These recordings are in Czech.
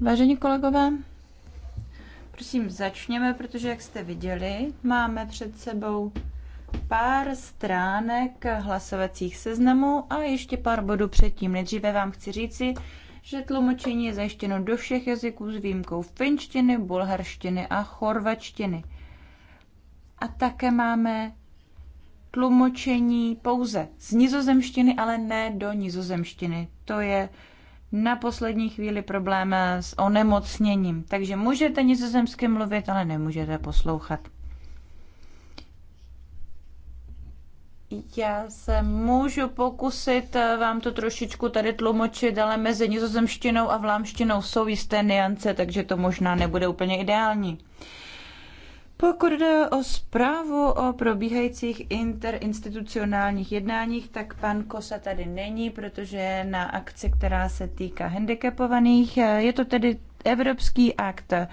Vážení kolegové, prosím začněme, protože jak jste viděli, máme před sebou pár stránek hlasovacích seznamů a ještě pár bodů předtím. Nejdříve vám chci říci, že tlumočení je zajištěno do všech jazyků s výjimkou finštiny, bulharštiny a chorvačtiny. A také máme tlumočení pouze z nizozemštiny, ale ne do nizozemštiny. To je na poslední chvíli problém s onemocněním. Takže můžete nizozemsky mluvit, ale nemůžete poslouchat. Já se můžu pokusit vám to trošičku tady tlumočit, ale mezi nizozemštinou a vlámštinou jsou jisté niance, takže to možná nebude úplně ideální. Pokud jde o zprávu o probíhajících interinstitucionálních jednáních, tak pan Kosa tady není, protože je na akci, která se týká handicapovaných. Je to tedy Evropský akt eh,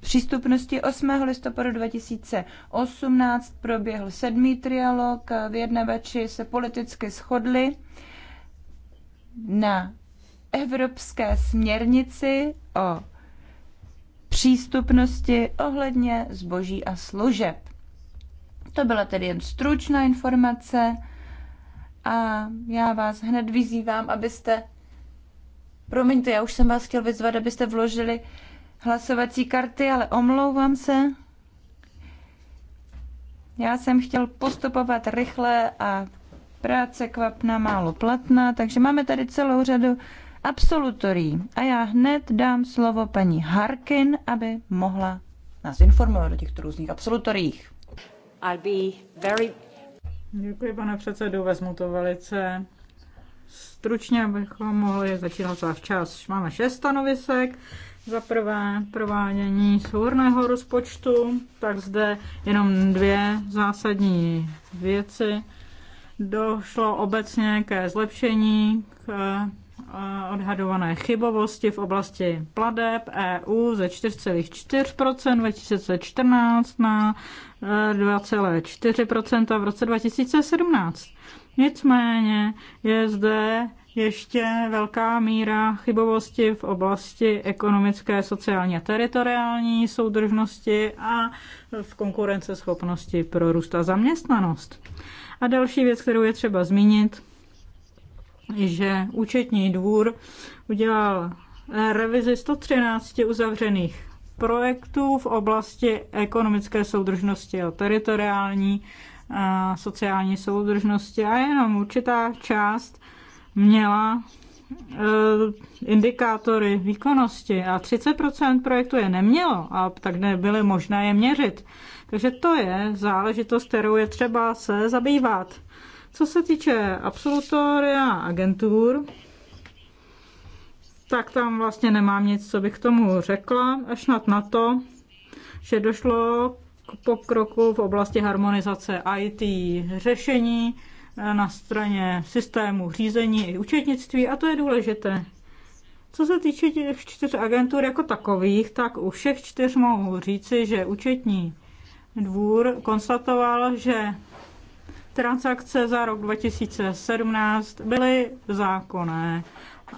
přístupnosti 8. listopadu 2018 proběhl sedmý trialog. Vyjednavači se politicky shodli na evropské směrnici o přístupnosti ohledně zboží a služeb. To byla tedy jen stručná informace a já vás hned vyzývám, abyste, promiňte, já už jsem vás chtěl vyzvat, abyste vložili hlasovací karty, ale omlouvám se. Já jsem chtěl postupovat rychle a práce kvapna málo platná, takže máme tady celou řadu absolutorií. A já hned dám slovo paní Harkin, aby mohla nás informovat o těchto různých absolutoriích. Very... Děkuji, pane předsedu, vezmu to velice stručně, abychom mohli začít za včas. Máme šest stanovisek. Za prvé provádění souhrného rozpočtu, tak zde jenom dvě zásadní věci. Došlo obecně ke zlepšení, k odhadované chybovosti v oblasti pladeb EU ze 4,4% 2014 na 2,4% eh, v roce 2017. Nicméně je zde ještě velká míra chybovosti v oblasti ekonomické, sociální a teritoriální soudržnosti a v konkurenceschopnosti pro růst a zaměstnanost. A další věc, kterou je třeba zmínit, že účetní dvůr udělal eh, revizi 113 uzavřených projektů v oblasti ekonomické soudržnosti a teritoriální a eh, sociální soudržnosti a jenom určitá část měla eh, indikátory výkonnosti a 30% projektu je nemělo a tak nebyly možné je měřit. Takže to je záležitost, kterou je třeba se zabývat. Co se týče absolutoria agentur, tak tam vlastně nemám nic, co bych k tomu řekla, až snad na to, že došlo k pokroku v oblasti harmonizace IT řešení na straně systému řízení i účetnictví a to je důležité. Co se týče těch čtyř agentur jako takových, tak u všech čtyř mohu říci, že účetní dvůr konstatoval, že transakce za rok 2017 byly zákonné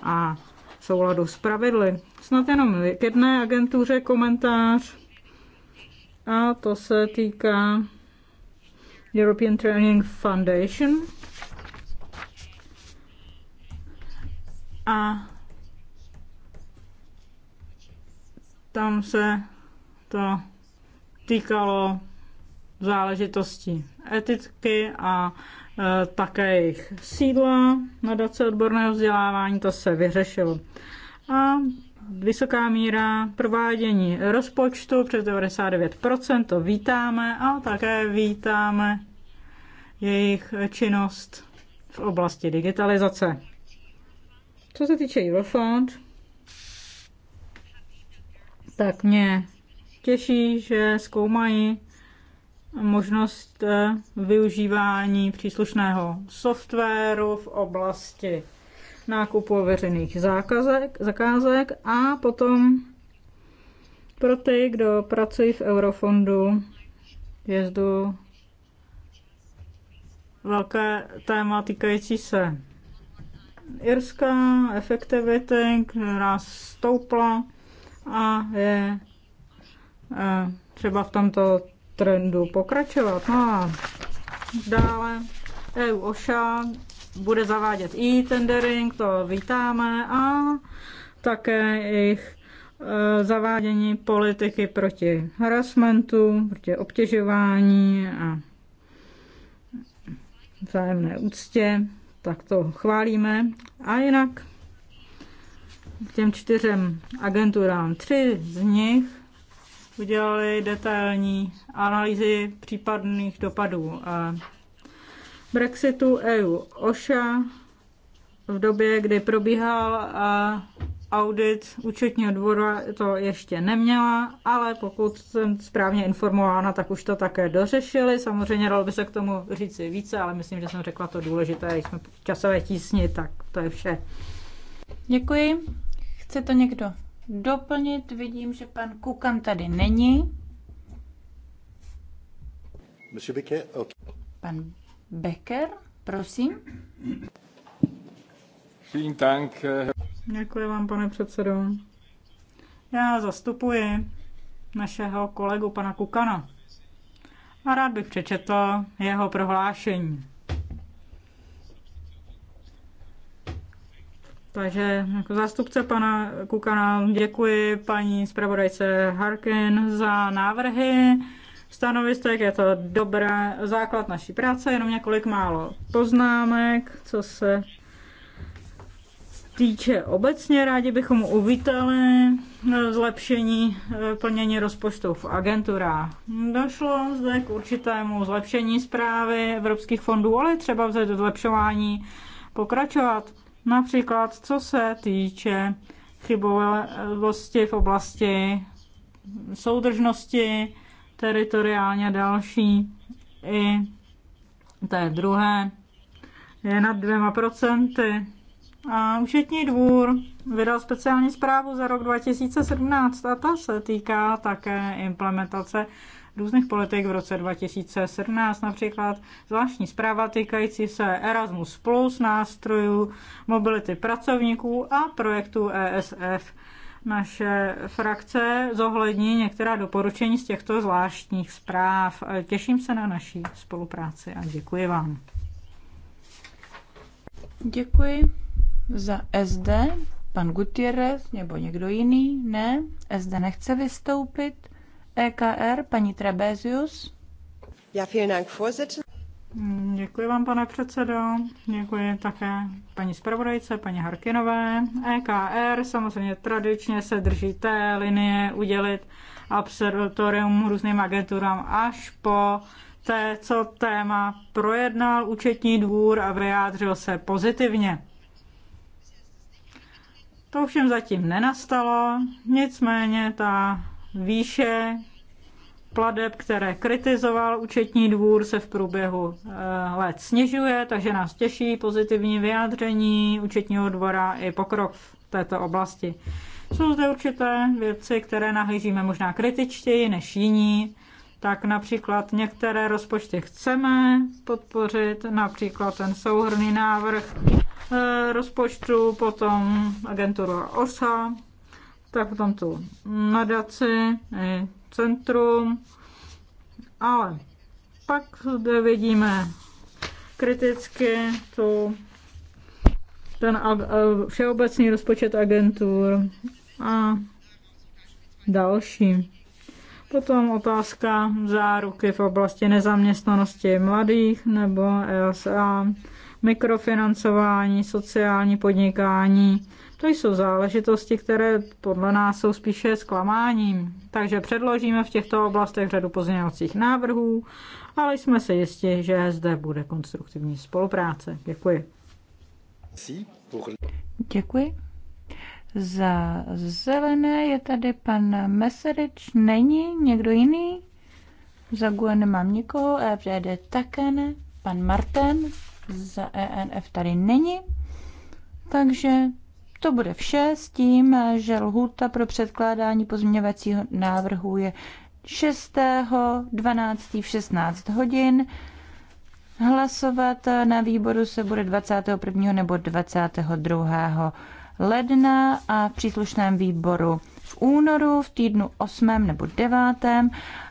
a v souladu s pravidly. Snad jenom k jedné agentuře komentář a to se týká European Training Foundation. A tam se to týkalo záležitosti etiky a e, také jejich sídla dace odborného vzdělávání, to se vyřešilo. A vysoká míra provádění rozpočtu přes 99%, to vítáme a také vítáme jejich činnost v oblasti digitalizace. Co se týče Eurofond, tak mě těší, že zkoumají možnost eh, využívání příslušného softwaru v oblasti nákupu veřejných zákazek, zakázek a potom pro ty, kdo pracují v Eurofondu, jezdu velké téma týkající se Irska, efektivity, která stoupla a je eh, třeba v tomto trendu pokračovat. No a dále EU OSHA bude zavádět e-tendering, to vítáme, a také jejich e, zavádění politiky proti harassmentu, proti obtěžování a vzájemné úctě, tak to chválíme. A jinak k těm čtyřem agenturám, tři z nich udělali detailní analýzy případných dopadů a Brexitu EU OSHA v době, kdy probíhal audit účetního dvora, to ještě neměla, ale pokud jsem správně informována, tak už to také dořešili. Samozřejmě dalo by se k tomu říci více, ale myslím, že jsem řekla to důležité. Jsme v časové tísni, tak to je vše. Děkuji. Chce to někdo doplnit. Vidím, že pan Kukan tady není. Pan Becker, prosím. Eh, Děkuji vám, pane předsedo. Já zastupuji našeho kolegu pana Kukana a rád bych přečetl jeho prohlášení. Takže jako zástupce pana Kukana děkuji paní zpravodajce Harkin za návrhy stanovistek. Je to dobré základ naší práce, jenom několik málo poznámek, co se týče obecně, rádi bychom uvítali zlepšení eh, plnění rozpočtu v agenturách. Došlo zde k určitému zlepšení zprávy evropských fondů, ale třeba vzít zlepšování pokračovat. Například co se týče chybovosti v oblasti soudržnosti, teritoriálně další i té druhé je nad dvěma procenty. A účetní dvůr vydal speciální zprávu za rok 2017 a ta se týká také implementace různých politik v roce 2017, například zvláštní zpráva týkající se Erasmus+, plus nástrojů, mobility pracovníků a projektu ESF. Naše frakce zohlední některá doporučení z těchto zvláštních zpráv. Těším se na naší spolupráci a děkuji vám. Děkuji za SD. Pan Gutierrez nebo někdo jiný? Ne, SD nechce vystoupit. EKR, paní Trebezius. Ja, vielen Dank, Děkuji vám, pane předsedo. Děkuji také paní zpravodajce, paní Harkinové. EKR samozřejmě tradičně se drží té linie udělit absolutorium různým agenturám až po té, co téma projednal účetní dvůr a vyjádřil se pozitivně. To ovšem zatím nenastalo, nicméně ta výše pladeb, které kritizoval účetní dvůr, se v průběhu eh, let snižuje, takže nás těší pozitivní vyjádření účetního dvora i pokrok v této oblasti. Jsou zde určité věci, které nahlížíme možná kritičtěji než jiní, tak například některé rozpočty chceme podpořit, například ten souhrný návrh eh, rozpočtu, potom agenturu OSA, tak potom tu nadaci, centrum, ale pak zde vidíme kriticky tu, ten eh, všeobecný rozpočet agentur a další. Potom otázka záruky v oblasti nezaměstnanosti mladých nebo ESA, mikrofinancování, sociální podnikání, to jsou záležitosti, které podle nás jsou spíše zklamáním. Takže předložíme v těchto oblastech řadu pozměňovacích návrhů, ale jsme se jistí, že zde bude konstruktivní spolupráce. Děkuji. Děkuji. Za zelené je tady pan Meserič. Není někdo jiný? Za GUE nemám nikoho, EFD také ne. Pan Marten za ENF tady není. Takže to bude vše s tím, že lhůta pro předkládání pozměňovacího návrhu je 6. 12. v 16 hodin. Hlasovat na výboru se bude 21. nebo 22. ledna a v příslušném výboru v únoru, v týdnu 8. nebo 9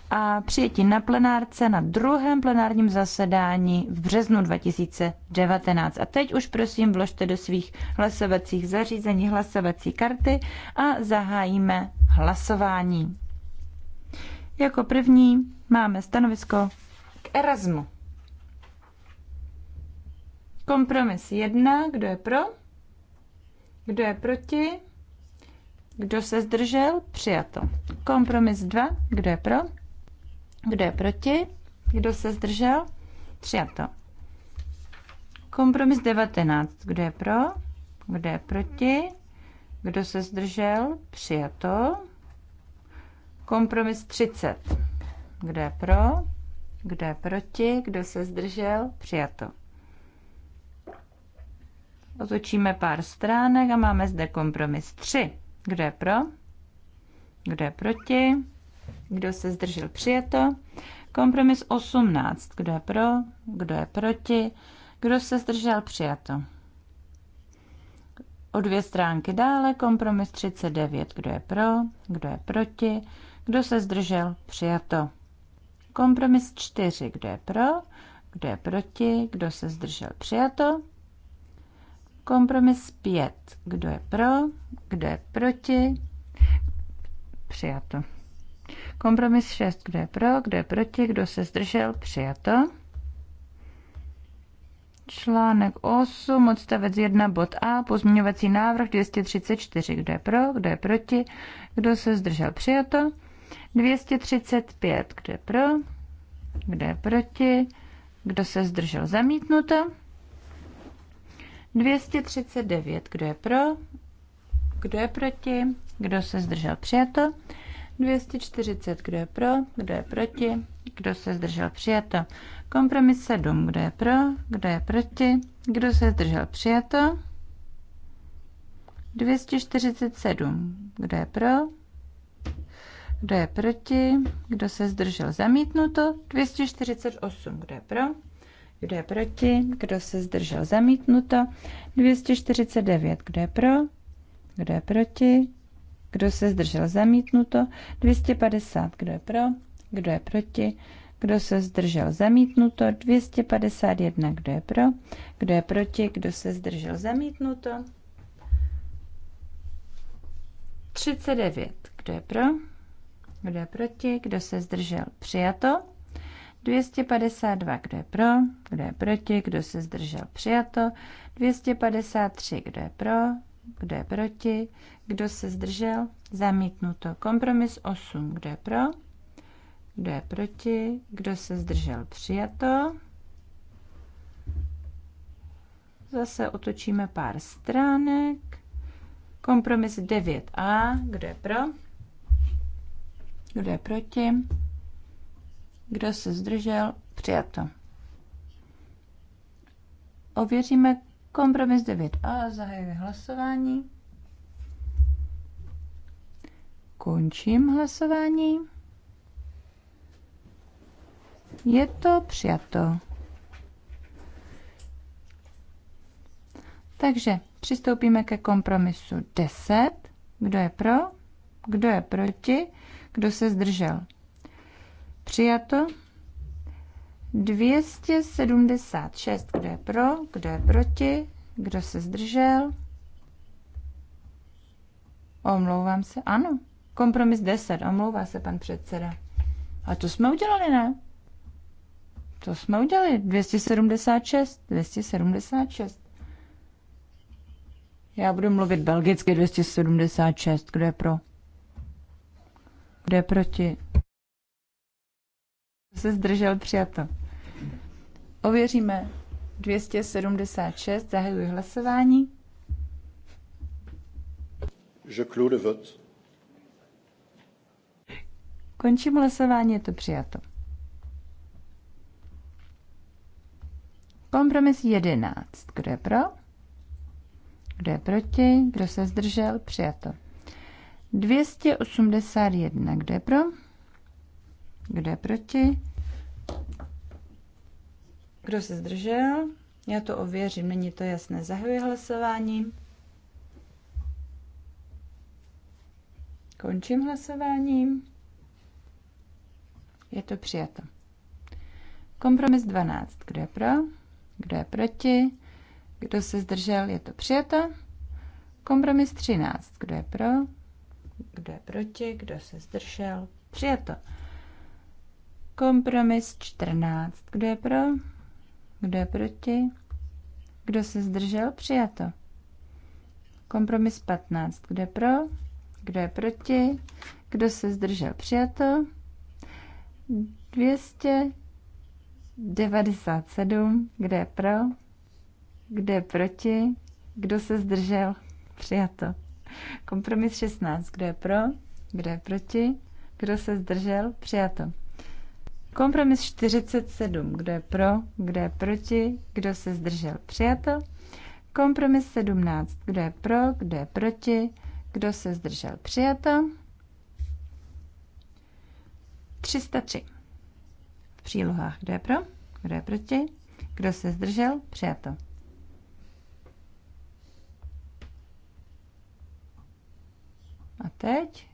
a přijetí na plenárce na druhém plenárním zasedání v březnu 2019. A teď už prosím vložte do svých hlasovacích zařízení hlasovací karty a zahájíme hlasování. Jako první máme stanovisko k Erasmu. Kompromis 1. Kdo je pro? Kdo je proti? Kdo se zdržel? Přijato. Kompromis 2. Kdo je pro? Kdo je proti? Kdo se zdržel? Přijato. Kompromis 19. Kdo je pro? Kdo je proti? Kdo se zdržel? Přijato. Kompromis 30. Kdo je pro? Kdo je proti? Kdo se zdržel? Přijato. Otočíme pár stránek a máme zde kompromis 3. Kdo je pro? Kdo je proti? Kdo se zdržel? přijeto? Kompromis 18. Kdo je pro? Kdo je proti? Kdo se zdržel? přijeto? O dvě stránky dále kompromis 39. Kdo je pro? Kdo je proti? Kdo se zdržel? Přijato. Kompromis 4. Kdo je pro? Kdo je proti? Kdo se zdržel? Přijato. Kompromis 5. Kdo je pro? Kdo je proti? Přijato. Kompromis 6, kdo je pro, kdo je proti, kdo se zdržel, přijato. Článek 8, odstavec 1, bod A, pozměňovací návrh 234, kdo je pro, kdo je proti, kdo se zdržel, přijato. 235, kdo je pro, kdo je proti, kdo se zdržel, zamítnuto. 239, kdo je pro, kdo je proti, kdo se zdržel, přijato. 240, kdo je pro, kdo je proti, kdo se zdržel přijato. Kompromis 7, kdo je pro, kdo je proti, kdo se zdržel přijato. 247, kdo je pro, kdo je proti, kdo se zdržel zamítnuto. 248, kdo je pro, kdo je proti, kdo se zdržel zamítnuto. 249, kdo je pro, kdo je proti, kdo se zdržel zamítnuto? 250. Kdo je pro? Kdo je proti? Kdo se zdržel zamítnuto? 251. Kdo je pro? Kdo je proti? Kdo se zdržel zamítnuto? 39. Kdo je pro? Kdo je proti? Kdo se zdržel? Přijato. 252, kdo je pro, kdo je proti, kdo se zdržel přijato, 253, kdo je pro, kdo je proti, kdo se zdržel? Zamítnuto. Kompromis 8. Kdo je pro? Kdo je proti? Kdo se zdržel? Přijato. Zase otočíme pár stránek. Kompromis 9a. Kdo je pro? Kdo je proti? Kdo se zdržel? Přijato. Ověříme kompromis 9a. zahajuje hlasování. Končím hlasování. Je to přijato. Takže přistoupíme ke kompromisu 10. Kdo je pro? Kdo je proti? Kdo se zdržel? Přijato. 276. Kdo je pro? Kdo je proti? Kdo se zdržel? Omlouvám se. Ano, Kompromis 10, omlouvá se pan předseda. A to jsme udělali, ne? To jsme udělali. 276, 276. Já budu mluvit belgicky 276. Kdo je pro? Kdo je proti? Se zdržel přijato. Ověříme 276. Zahajuji hlasování. Je clôt le vote. Končím hlasování, je to přijato. Kompromis 11. Kdo je pro? Kdo je proti? Kdo se zdržel? Přijato. 281. Kdo je pro? Kdo je proti? Kdo se zdržel? Já to ověřím, není to jasné. Zahajuji hlasování. Končím hlasováním. Je to přijato. Kompromis 12. Kdo je pro? Kdo je proti? Kdo se zdržel? Je to přijato. Kompromis 13. Kdo je pro? Kdo je proti? Kdo se zdržel? Přijato. Kompromis 14. Kdo je pro? Kdo je proti? Kdo se zdržel? Přijato. Kompromis 15. Kdo je pro? Kdo je proti? Kdo se zdržel? Přijato. 297, kde je pro, kde je proti, kdo se zdržel, přijato. Kompromis 16, kdo je pro, kdo je proti, kdo se zdržel, přijato. Kompromis 47, kdo je pro, kdo je proti, kdo se zdržel, přijato. Kompromis 17, kdo je pro, kdo je proti, kdo se zdržel, přijato. 303. V přílohách. Kdo je pro? Kdo je proti? Kdo se zdržel? Přijato. A teď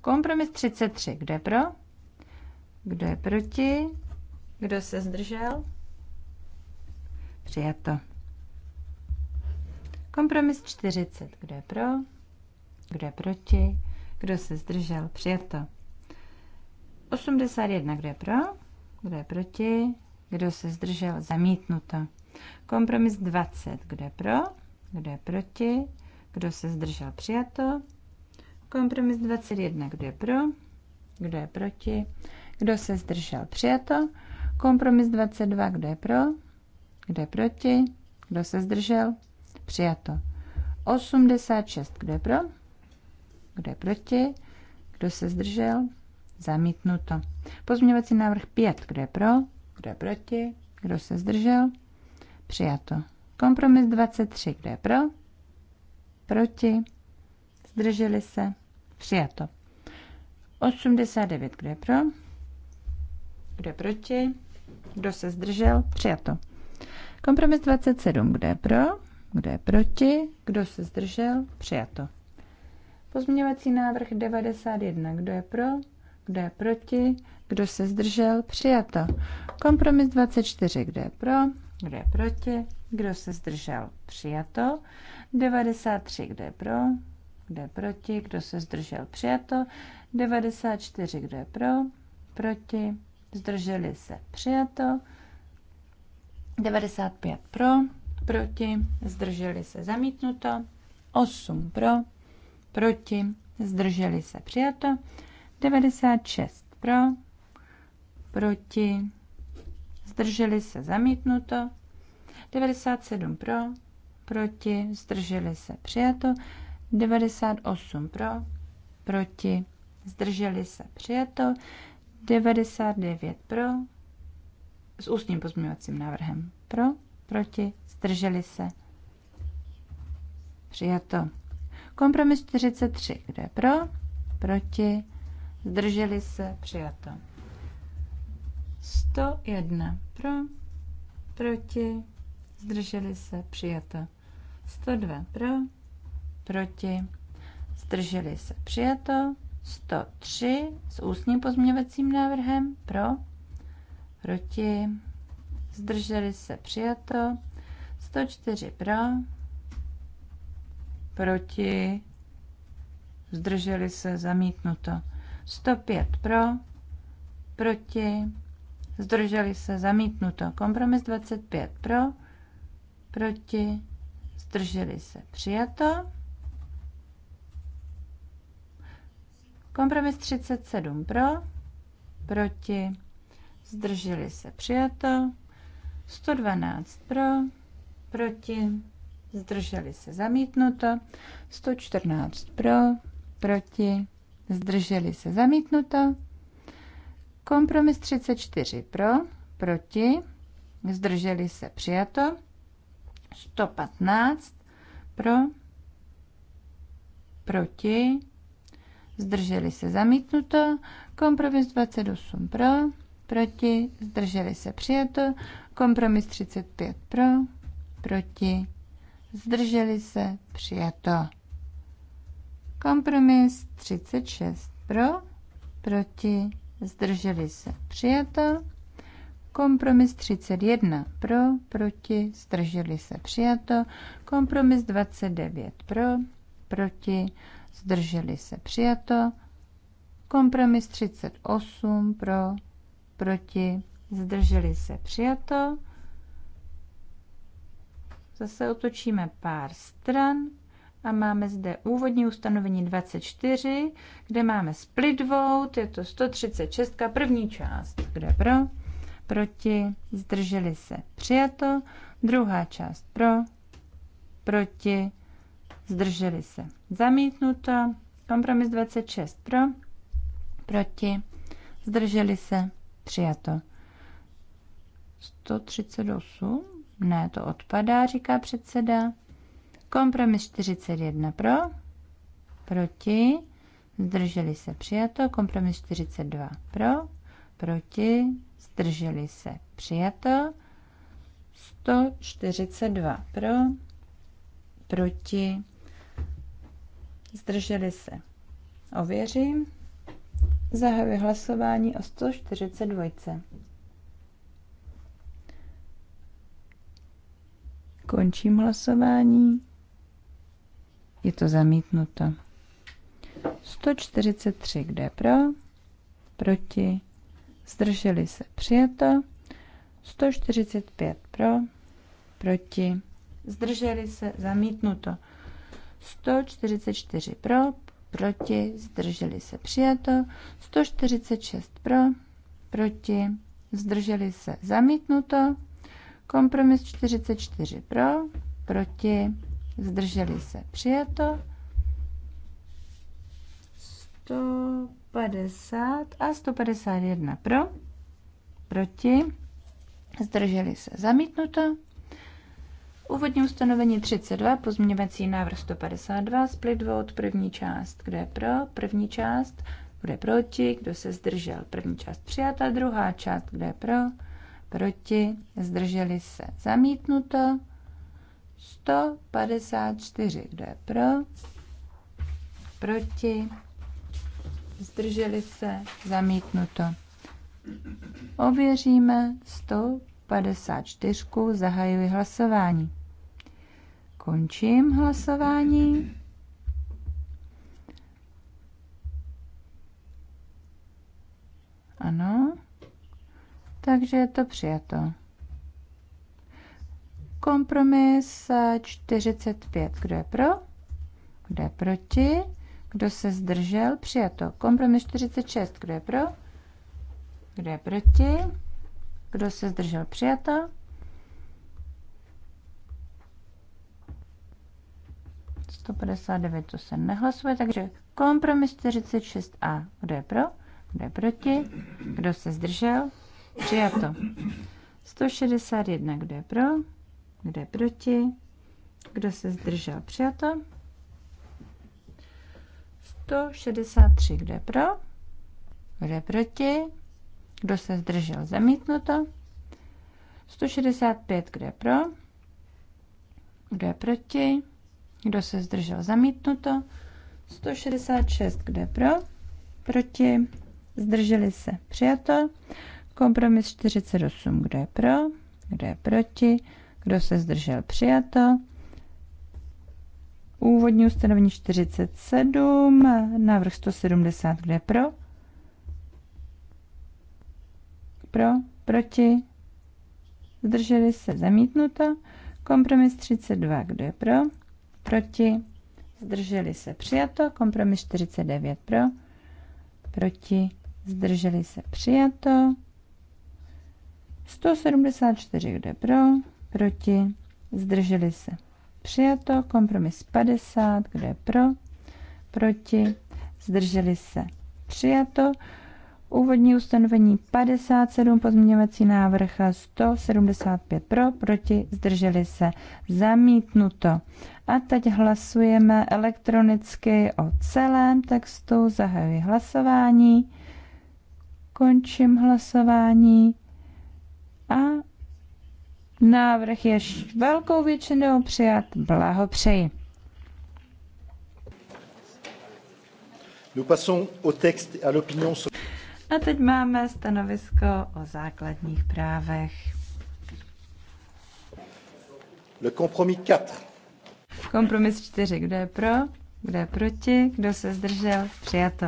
kompromis 33. Kdo je pro? Kdo je proti? Kdo se zdržel? Přijato. Kompromis 40. Kdo je pro? Kdo je proti? Kdo se zdržel? Přijato. 81, kdo je pro, kdo je proti, kdo se zdržel, zamítnuto. Kompromis 20, kdo je pro, kdo je proti, kdo se zdržel, přijato. Kompromis 21, kdo je pro, kdo je proti, kdo se zdržel, přijato. Kompromis 22, kdo je pro, kdo je proti, kdo se zdržel, přijato. 86, kdo je pro, kdo je proti, kdo se zdržel, Zamítnuto. Pozměňovací návrh 5. Kdo je pro? Kdo je proti? Kdo se zdržel? Přijato. Kompromis 23. Kdo je pro? Proti? Zdrželi se? Přijato. 89. Kdo je pro? Kdo je proti? Kdo se zdržel? Přijato. Kompromis 27. Kdo je pro? Kdo je proti? Kdo se zdržel? Přijato. Pozměňovací návrh 91. Kdo je pro? kdo je proti, kdo se zdržel, přijato. Kompromis 24, kdo je pro, kdo je proti, kdo se zdržel, přijato. 93, kdo je pro, kdo je proti, kdo se zdržel, přijato. 94, kdo je pro, proti, zdrželi se, přijato. 95 pro, proti, zdrželi se, zamítnuto. 8 pro, proti, zdrželi se, přijato. 96 pro, proti, zdrželi se zamítnuto, 97 pro, proti, zdrželi se přijato, 98 pro, proti, zdrželi se přijato, 99 pro, s ústním pozměňovacím návrhem pro, proti, zdrželi se přijato. Kompromis 43, kde pro, proti, zdrželi se, přijato. 101 pro, proti, zdrželi se, přijato. 102 pro, proti, zdrželi se, přijato. 103 s ústním pozměňovacím návrhem pro, proti, zdrželi se, přijato. 104 pro, proti, zdrželi se, zamítnuto. 105 pro, proti, zdrželi se, zamítnuto. Kompromis 25 pro, proti, zdrželi se, přijato. Kompromis 37 pro, proti, zdrželi se, přijato. 112 pro, proti, zdrželi se, zamítnuto. 114 pro, proti, zdrželi se zamítnuto. Kompromis 34 pro, proti, zdrželi se přijato. 115 pro, proti, zdrželi se zamítnuto. Kompromis 28 pro, proti, zdrželi se přijato. Kompromis 35 pro, proti, zdrželi se přijato. Kompromis 36 pro, proti, zdrželi se, přijato. Kompromis 31 pro, proti, zdrželi se, přijato. Kompromis 29 pro, proti, zdrželi se, přijato. Kompromis 38 pro, proti, zdrželi se, přijato. Zase otočíme pár stran a máme zde úvodní ustanovení 24, kde máme split vote, je to 136, první část, kde pro, proti, zdrželi se, přijato, druhá část pro, proti, zdrželi se, zamítnuto, kompromis 26 pro, proti, zdrželi se, přijato. 138? Ne, to odpadá, říká předseda. Kompromis 41 pro, proti, zdrželi se přijato. Kompromis 42 pro, proti, zdrželi se přijato. 142 pro, proti, zdrželi se. Ověřím. Zahajuji hlasování o 142. Končím hlasování. Je to zamítnuto. 143, kde je pro? Proti? Zdrželi se přijato. 145 pro? Proti? Zdrželi se zamítnuto. 144 pro? Proti? Zdrželi se přijato. 146 pro? Proti? Zdrželi se zamítnuto. Kompromis 44 pro? Proti? zdrželi se. Přijeto 150 a 151 pro, proti, zdrželi se. Zamítnuto. Úvodní ustanovení 32, pozměňovací návrh 152, split vote, první část, kdo je pro, první část, kdo je proti, kdo se zdržel, první část přijata, druhá část, kdo je pro, proti, zdrželi se, zamítnuto. 154. Kdo je pro? Proti? Zdrželi se? Zamítnuto. Ověříme 154. Zahajuji hlasování. Končím hlasování. Ano. Takže je to přijato. Kompromis 45. Eh, kdo je pro? Kdo je proti? Kdo se zdržel? Přijato. Kompromis 46. Kdo je pro? Kdo je proti? Kdo se zdržel? Přijato. to se nehlasuje, takže kompromis 46a. Kdo je pro? Kdo je proti? Kdo se zdržel? Přijato. 161, kdo je pro? Kdo je proti? Kdo se zdržel? Přijato. 163. Kdo je pro? Kdo je proti? Kdo se zdržel? Zamítnuto. 165. Kdo je pro? Kdo je proti? Kdo se zdržel? Zamítnuto. 166. Kdo je pro? Proti? Zdrželi se? Přijato. Kompromis 48. Kdo je pro? Kdo je proti? Kdo se zdržel? Přijato. Úvodní ustanovení 47, návrh 170, kde pro? Pro, proti, zdrželi se, zamítnuto. Kompromis 32, kdo je pro? Proti, zdrželi se, přijato. Kompromis 49, pro? Proti, zdrželi se, přijato. 174, kdo je pro? proti, zdrželi se. Přijato, kompromis 50, kdo je pro, proti, zdrželi se. Přijato, úvodní ustanovení 57, pozměňovací návrh 175 pro, proti, zdrželi se. Zamítnuto. A teď hlasujeme elektronicky o celém textu, zahajuji hlasování, končím hlasování a Návrh je velkou většinou přijat. Blahopřeji. A teď máme stanovisko o základních právech. Le compromis 4. Kompromis 4. Kdo je pro? Kdo je proti? Kdo se zdržel? Přijato.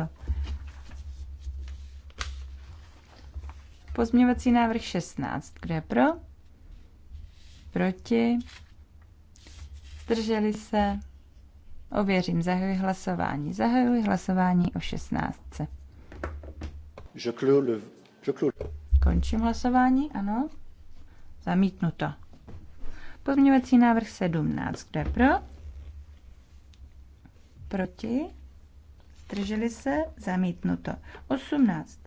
Pozměňovací návrh 16. Kdo je pro? proti, zdrželi se, ověřím, zahajuji hlasování, zahajuji hlasování o 16. Je clôt le... Je clôt. Končím hlasování, ano, zamítnuto. Pozměňovací návrh 17, kdo je pro? Proti? Zdrželi se? Zamítnuto. 18.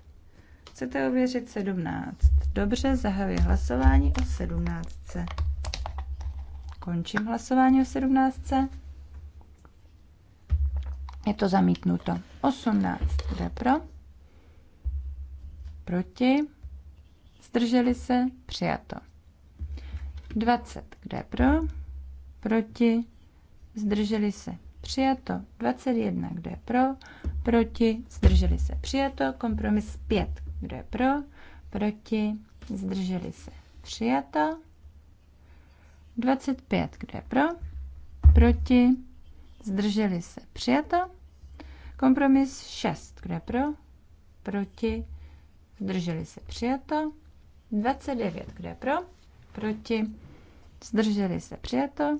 Chcete ověřit 17? Dobře, zahajuji hlasování o 17. Končím hlasování o 17. Je to zamítnuto. 18. Kde pro? Proti? Zdrželi se? Přijato. 20. Kde pro? Proti? Zdrželi se? Přijato. 21. Kde pro? Proti? Zdrželi se? Přijato. Kompromis 5. Kde pro? Proti? Zdrželi se? Přijato. 25, kdo je pro? Proti? Zdrželi se. Přijato. Kompromis 6, kdo je pro? Proti? Zdrželi se. Přijato. 29, kdo je pro? Proti? Zdrželi se. Přijato.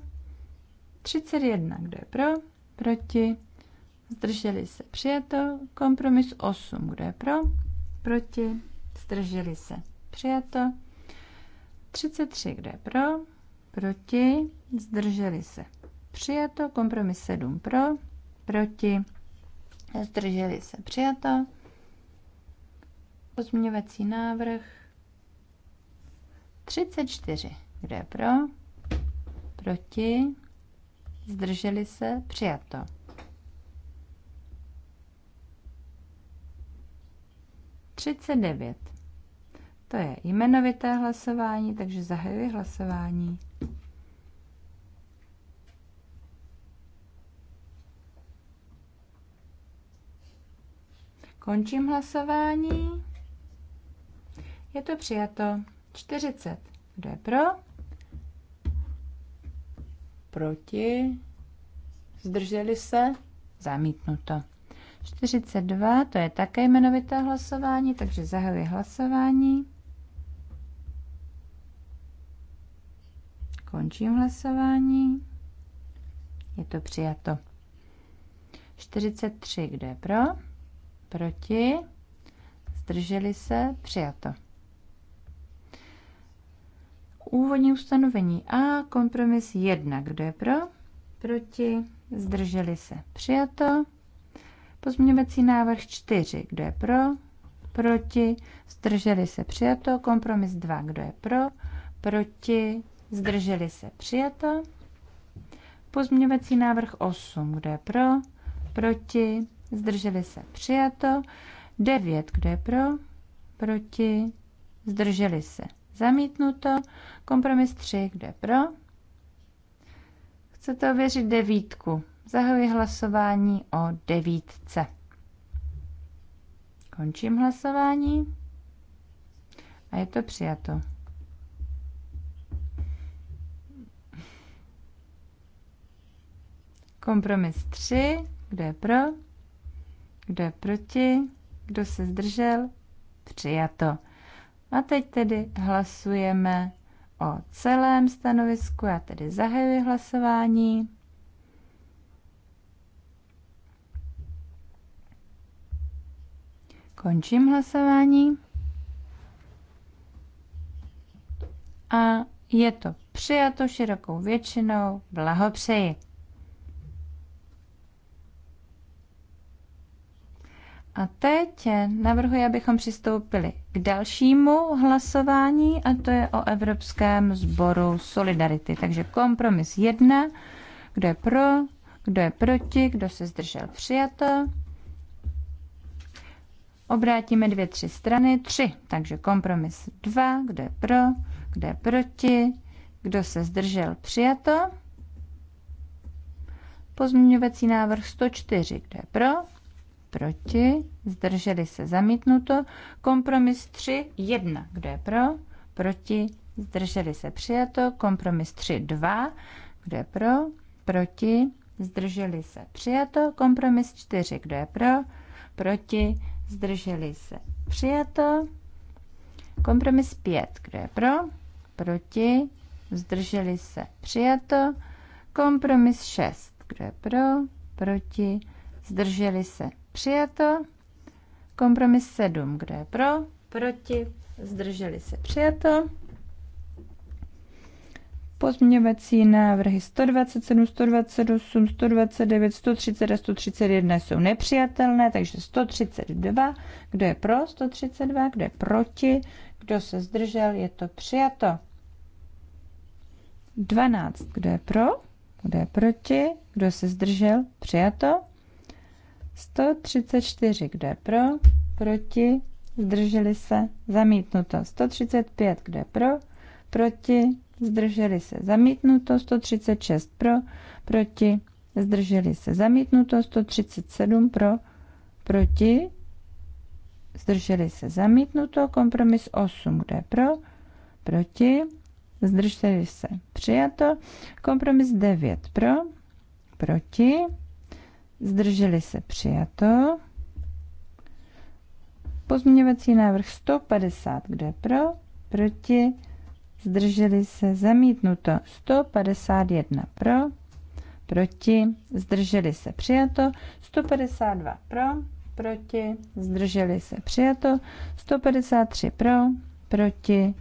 31, kdo je pro? Proti? Zdrželi se. Přijato. Kompromis 8, kdo je pro? Proti? Zdrželi se. Přijato. 33, kdo je pro? proti, zdrželi se. Přijato, kompromis 7 pro, proti, zdrželi se. Přijato, pozměňovací návrh 34. kde je pro? Proti? Zdrželi se? Přijato. Třicet devět. To je jmenovité hlasování, takže zahajuji hlasování. Končím hlasování. Je to přijato 40. Kdo je pro? Proti? Zdrželi se? Zamítnuto. 42, to je také jmenovité hlasování, takže zahajuji hlasování. Končím hlasování. Je to přijato. 43, kdo je pro? Proti? Zdrželi se? Přijato. Úvodní ustanovení A, kompromis 1. Kdo je pro? Proti? Zdrželi se? Přijato. Pozměňovací návrh 4. Kdo je pro? Proti? Zdrželi se? Přijato. Kompromis 2. Kdo je pro? Proti? Zdrželi se? Přijato. Pozměňovací návrh 8. Kdo je pro? Proti? zdrželi se přijato, 9, kdo je pro, proti, zdrželi se zamítnuto, kompromis 3, kdo je pro. Chcete ověřit devítku. Zahajuji hlasování o devítce. Končím hlasování a je to přijato. Kompromis 3, kdo je pro? Kdo je proti? Kdo se zdržel? Přijato. A teď tedy hlasujeme o celém stanovisku. Já tedy zahajuji hlasování. Končím hlasování. A je to přijato širokou většinou. Blahopřeji. A teď navrhuji, abychom přistoupili k dalšímu hlasování, a to je o Evropském sboru Solidarity. Takže kompromis jedna, kdo je pro, kdo je proti, kdo se zdržel přijato. Obrátíme dvě, tři strany, tři. Takže kompromis dva, kdo je pro, kdo je proti, kdo se zdržel přijato. Pozměňovací návrh 104, kdo je pro, proti, zdrželi se zamítnuto. Kompromis 3, 1, kdo je pro, proti, zdrželi se přijato. Kompromis 3, 2, kdo je pro, proti, zdrželi se přijato. Kompromis 4, kdo je pro, proti, zdrželi se přijato. Kompromis 5, kdo je pro, proti, zdrželi se přijato. Kompromis 6, kdo je pro, proti, zdrželi se přijato. Kompromis 7, kdo je pro, proti, zdrželi se, přijato. Pozměňovací návrhy 127, 128, 129, 130 a 131 jsou nepřijatelné, takže 132. Kdo je pro 132, kdo je proti, kdo se zdržel, je to přijato. 12. Kdo je pro, kdo je proti, kdo se zdržel, přijato. 134, kdo je pro, proti, zdrželi se, zamítnuto. 135, kdo je pro, proti, zdrželi se, zamítnuto. 136 pro, proti, zdrželi se, zamítnuto. 137 pro, proti, zdrželi se, zamítnuto. Kompromis 8, kdo je pro, proti, zdrželi se, přijato. Kompromis 9 pro, proti, zdrželi se přijato. Pozměňovací návrh 150, kdo je pro, proti, zdrželi se zamítnuto 151 pro, proti, zdrželi se přijato 152 pro, proti, zdrželi se přijato 153 pro, proti,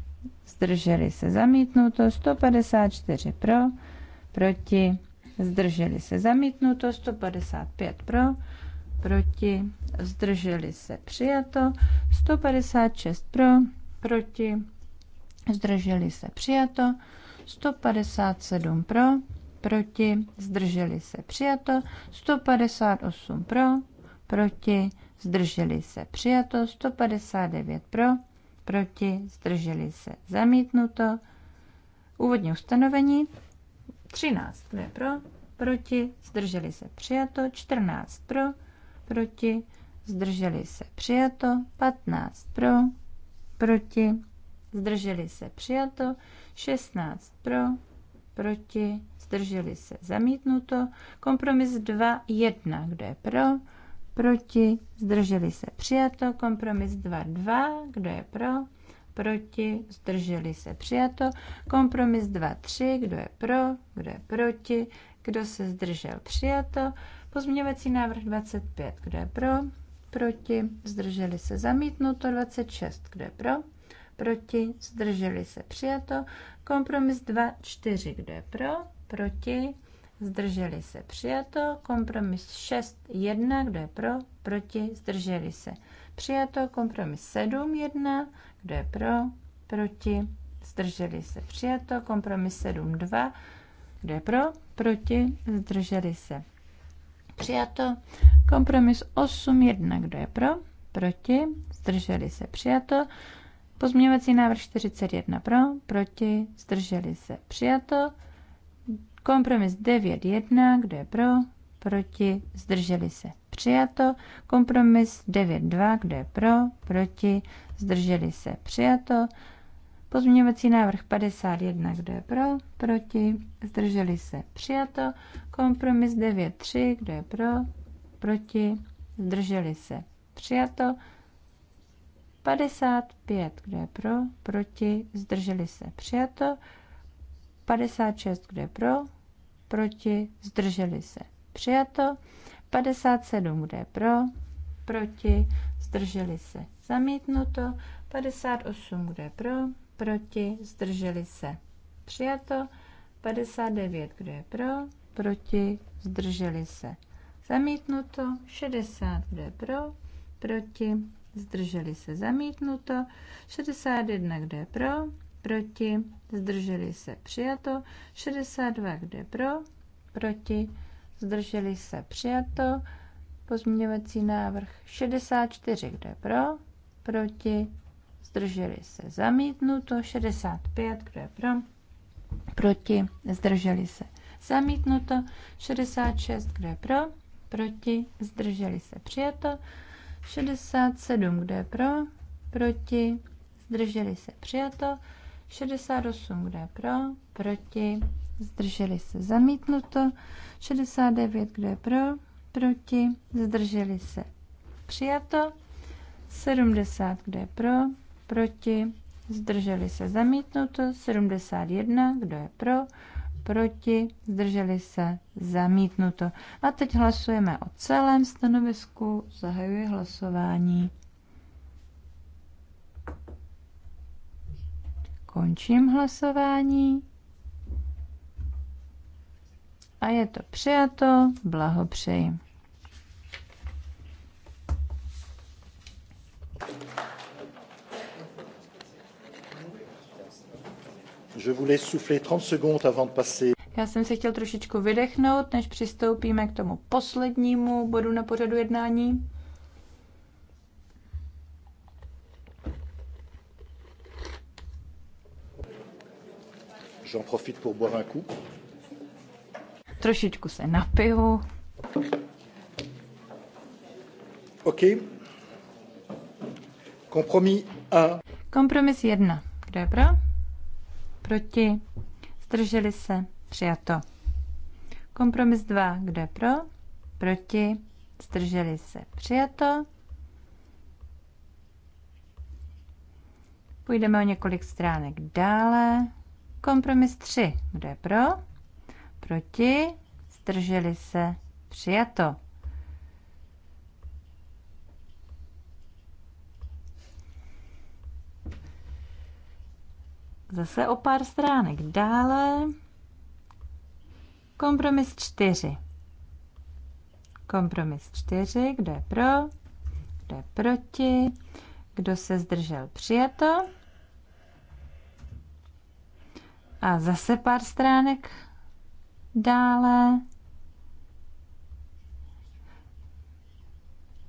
zdrželi se zamítnuto 154 pro, proti, zdrželi se zamítnuto, 155 pro, proti, zdrželi se přijato, 156 pro, proti, zdrželi se přijato, 157 pro, proti, zdrželi se přijato, 158 pro, proti, zdrželi se přijato, 159 pro, proti, zdrželi se zamítnuto. Úvodní ustanovení 13, kdo je pro, proti, zdrželi se přijato, 14 pro, proti, zdrželi se přijato, 15 pro, proti, zdrželi se přijato, 16 pro, proti, zdrželi se zamítnuto, kompromis 2, 1, kdo je pro, proti, zdrželi se přijato, kompromis 2, 2, kdo je pro, proti, zdrželi se přijato. Kompromis 2, 3, kdo je pro, kdo je proti, kdo se zdržel přijato. Pozměňovací návrh 25, kdo je pro, proti, zdrželi se zamítnuto. 26, kdo je pro, proti, zdrželi se přijato. Kompromis 2, 4, kdo je pro, proti, zdrželi se přijato. Kompromis 6, 1, kdo je pro, proti, zdrželi se Přijato kompromis 7, 1, kdo je pro, proti, zdrželi se. Přijato kompromis 7, 2, kdo je pro, proti, zdrželi se. Přijato kompromis 8, 1, kdo je pro, proti, zdrželi se. Přijato pozměňovací návrh 41 pro, proti, zdrželi se. Přijato kompromis 9, 1, kdo je pro, proti, zdrželi se. Přijato. Kompromis 9.2, kdo je pro, proti, zdrželi se. Přijato. Pozměňovací návrh 51, kdo je pro, proti, zdrželi se. Přijato. Kompromis 9.3, kdo je pro, proti, zdrželi se. Přijato. 55, kdo je pro, proti, zdrželi se. Přijato. 56, kdo je pro, proti, zdrželi se přijato. 57, bude pro, proti, zdrželi se, zamítnuto. 58, bude pro, proti, zdrželi se, přijato. 59, bude pro, proti, zdrželi se, zamítnuto. 60, bude pro, proti, zdrželi se, zamítnuto. 61, bude pro, proti, zdrželi se, přijato. 62, bude pro, proti, zdrželi se, zdrželi se přijato. Pozměňovací návrh 64, kde pro, proti, zdrželi se zamítnuto. 65, kde je pro, proti, zdrželi se zamítnuto. 66, kde je pro, proti, zdrželi se přijato. 67, kde je pro, proti, zdrželi se přijato. 68, kde je pro, proti, zdrželi se zamítnuto, 69, kdo je pro, proti, zdrželi se přijato, 70, kdo je pro, proti, zdrželi se zamítnuto, 71, kdo je pro, proti, zdrželi se zamítnuto. A teď hlasujeme o celém stanovisku, zahajuji hlasování. Končím hlasování a je to přijato. Blahopřeji. Je vous laisse souffler 30 secondes avant de passer. Já jsem si chtěl trošičku vydechnout, než přistoupíme k tomu poslednímu bodu na pořadu jednání. J'en profite pour boire un coup trošičku se napiju. OK. Kompromis 1. Kompromis 1. Kdo je pro? Proti? Zdrželi se? Přijato. Kompromis 2. Kdo je pro? Proti? Zdrželi se? Přijato. Půjdeme o několik stránek dále. Kompromis 3. Kdo je pro? proti, zdrželi se, přijato. Zase o pár stránek dále. Kompromis 4. Kompromis 4. Kdo je pro? Kdo je proti? Kdo se zdržel? Přijato. A zase pár stránek Dále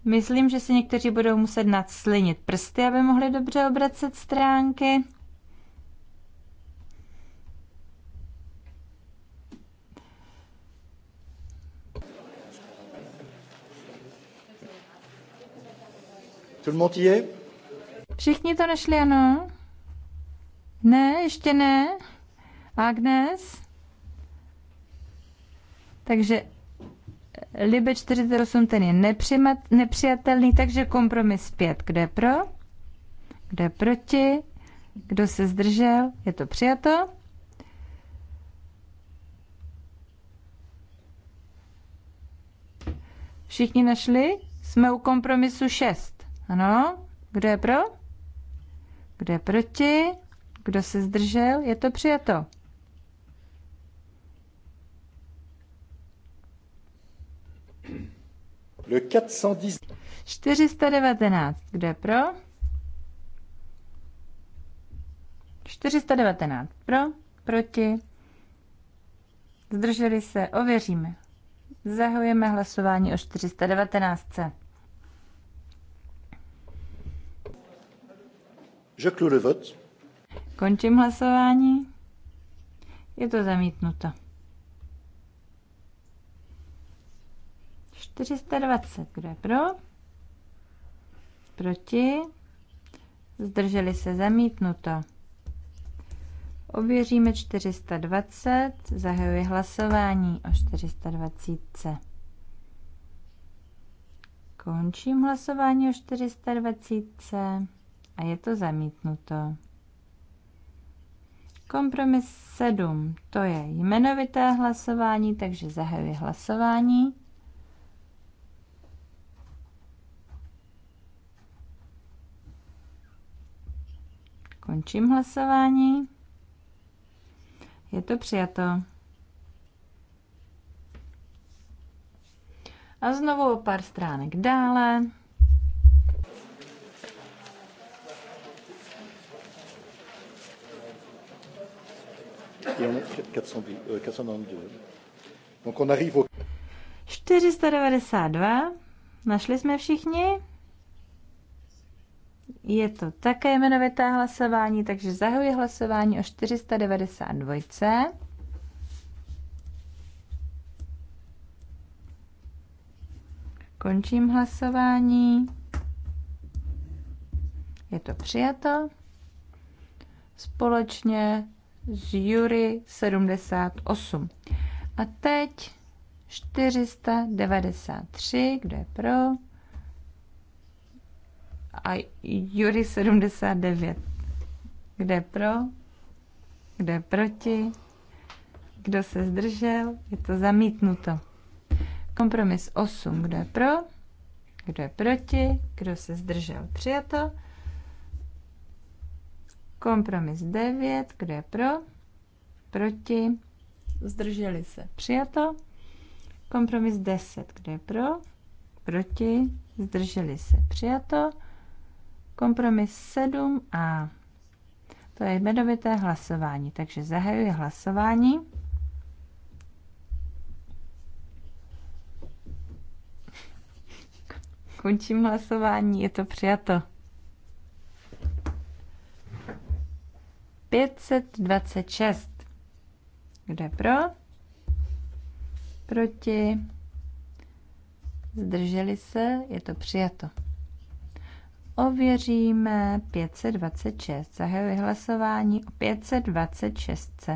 Myslím, že si někteří budou muset nadslinit prsty, aby mohli dobře obracet stránky. Všichni to našli, ano? Ne, ještě ne. Agnes? Takže eh, Libe 48 ten je nepřijatelný, takže kompromis 5. Kdo je pro? Kdo je proti? Kdo se zdržel? Je to přijato? Všichni našli? Jsme u kompromisu 6. Ano? Kdo je pro? Kdo je proti? Kdo se zdržel? Je to přijato. Le 419. Kdo je pro? 419. Pro? Proti? Zdrželi se? Ověříme. Zahujeme hlasování o 419. Je clôt le vote. Končím hlasování. Je to zamítnuto. 420. Kdo je pro? Proti? Zdrželi se zamítnuto. Ověříme 420. Zahajuji hlasování o 420. Končím hlasování o 420 a je to zamítnuto. Kompromis 7. To je jmenovité hlasování, takže zahajuji hlasování. Končím hlasování. Je to přijato. A znovu o pár stránek dále. Et on est euh, euh, Donc on arrive au... 492. Našli jsme všichni? Je to také jmenovité hlasování, takže zahajuji hlasování o 492. Končím hlasování. Je to přijato. Společně z Jury 78. A teď 493, kdo je pro? a Jury 79. Kde pro? Kde proti? Kdo se zdržel? Je to zamítnuto. Kompromis 8. Kdo je pro? Kdo je proti? Kdo se zdržel? Přijato. Kompromis 9. Kdo je pro? Proti? Zdrželi se. Přijato. Kompromis 10. Kdo je pro? Proti? Zdrželi se. Přijato. Kompromis 7a. To je jmenovité hlasování, takže zahajuji hlasování. Končím hlasování, je to přijato. 526. Kde pro? Proti? Zdrželi se? Je to přijato. Ověříme 526. Zahajuji hlasování o 526.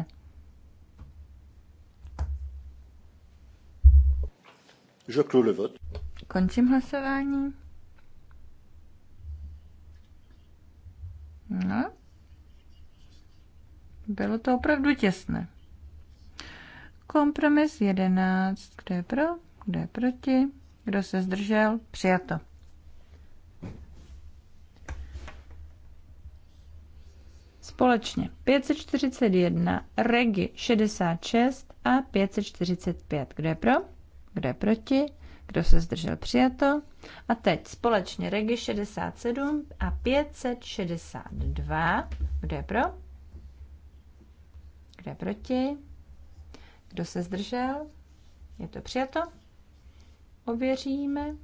Je clôt le vote. Končím hlasování. No. Bylo to opravdu těsné. Kompromis 11. Kdo je pro? Kdo je proti? Kdo se zdržel? Přijato. Společně 541, Regi 66 a 545. Kdo je pro? Kdo je proti? Kdo se zdržel přijato? A teď společně Regi 67 a 562. Kdo je pro? Kdo je proti? Kdo se zdržel? Je to přijato? Ověříme.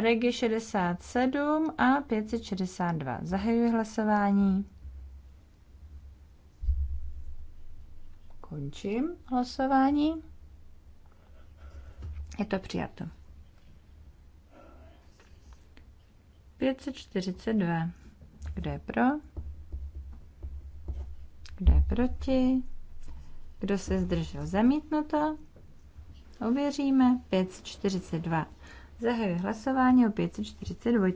Regi 67 a 562. Zahajuji hlasování. Končím hlasování. Je to přijato. 542. Kdo je pro? Kdo je proti? Kdo se zdržel? Zamítnuto. Ověříme. 542. Zahajuji hlasování o 542.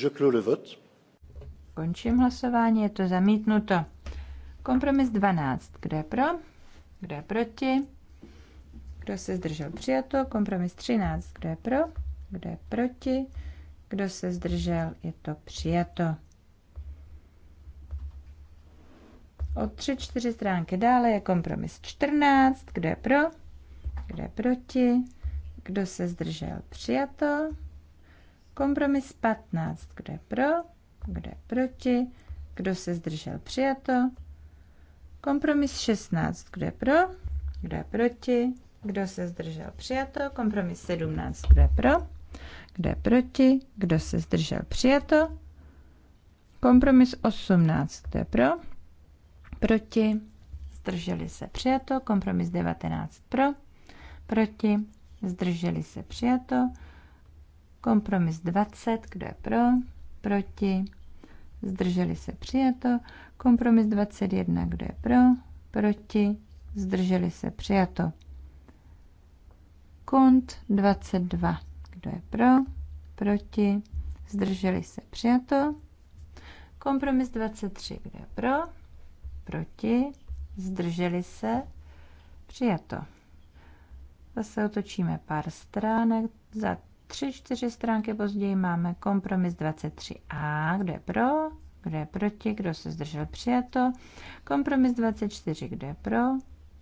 Je clôt le vote. Končím hlasování, je to zamítnuto. Kompromis 12. Kdo je pro? Kdo je proti? Kdo se zdržel přijato? Kompromis 13. Kdo je pro? Kdo je proti? Kdo se zdržel? Je to přijato. O tři, čtyři stránky dále je kompromis 14. Kdo je pro? Kdo je proti? Kdo se zdržel? Přijato. Kompromis 15. Kdo je pro? Kdo je proti? Kdo se zdržel? Přijato. Kompromis 16. Kdo je pro? Kdo je proti? Kdo se zdržel? Přijato. Kompromis 17. Kdo je pro? Kdo je proti? Kdo se zdržel? Přijato. Kompromis 18. Kdo je pro? proti, zdrželi se přijato, kompromis 19 pro, proti, zdrželi se přijato, kompromis 20, kdo je pro, proti, zdrželi se přijato, kompromis 21, kdo je pro, proti, zdrželi se přijato. Kont 22, kdo je pro, proti, zdrželi se přijato. Kompromis 23, kdo je pro, proti, zdrželi se, přijato. Zase otočíme pár stránek, za tři, čtyři stránky později máme kompromis 23a, kdo je pro, kdo je proti, kdo se zdržel, přijato. Kompromis 24, kdo je pro,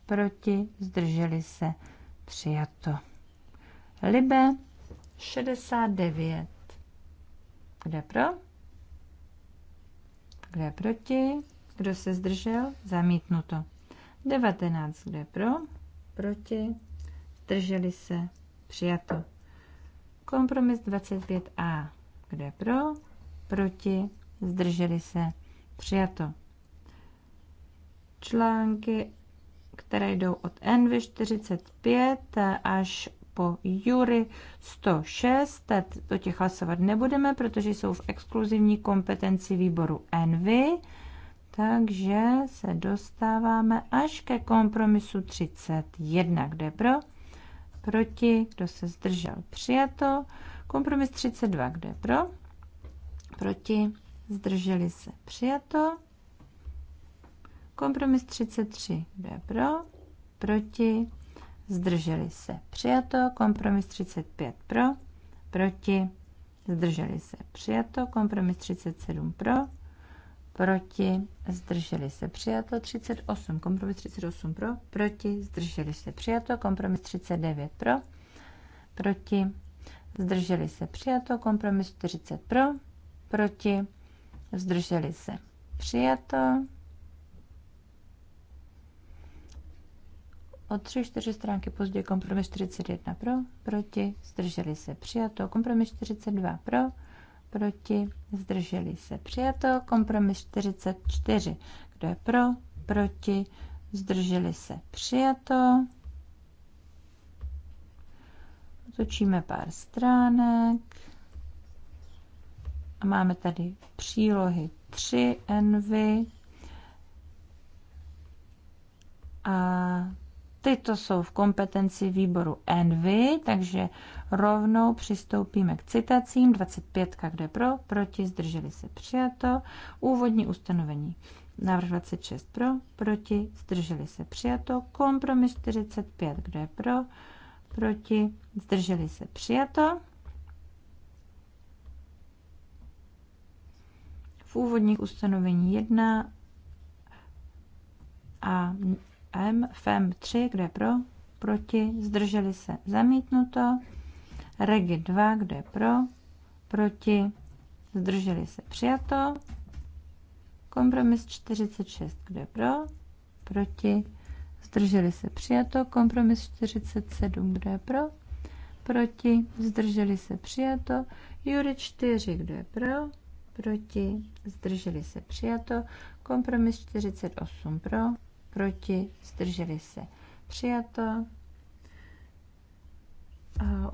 proti, zdrželi se, přijato. Libe 69, kdo je pro, kdo je proti, kdo se zdržel? Zamítnuto. 19. Kdo je pro? Proti? Zdrželi se? Přijato. Kompromis 25a. Kdo je pro? Proti? Zdrželi se? Přijato. Články, které jdou od NV 45 až po Jury 106. do těch hlasovat nebudeme, protože jsou v exkluzivní kompetenci výboru NV. Takže se dostáváme až ke kompromisu 31. Kdo je pro? Proti? Kdo se zdržel? Přijato. Kompromis 32. Kdo je pro? Proti? Zdrželi se? Přijato. Kompromis 33. Kdo je pro? Proti? Zdrželi se? Přijato. Kompromis 35. Pro? Proti? Zdrželi se? Přijato. Kompromis 37. Pro? proti, zdrželi se přijato 38, kompromis 38 pro, proti, zdrželi se přijato, kompromis 39 pro, proti, zdrželi se přijato, kompromis 40 pro, proti, zdrželi se přijato. O tři, čtyři stránky později kompromis 41 pro, proti, zdrželi se přijato, kompromis 42 pro, proti, zdrželi se přijato. Kompromis 44, kdo je pro, proti, zdrželi se přijato. točíme pár stránek a máme tady přílohy 3 envy a Tyto jsou v kompetenci výboru Envy, takže rovnou přistoupíme k citacím. 25, kde pro, proti, zdrželi se přijato. Úvodní ustanovení. Návrh 26 pro, proti, zdrželi se přijato. Kompromis 45, kde pro, proti, zdrželi se přijato. V úvodních ustanovení 1 a M, FEM 3, kde pro, proti, zdrželi se, zamítnuto, REGI 2, kde pro, proti, zdrželi se, přijato, kompromis 46, kde pro, proti, zdrželi se, přijato, kompromis 47, kde pro, proti, zdrželi se, přijato, Jury 4, kdo je pro, proti, zdrželi se, přijato, kompromis 48 pro, proti, zdrželi se. Přijato. A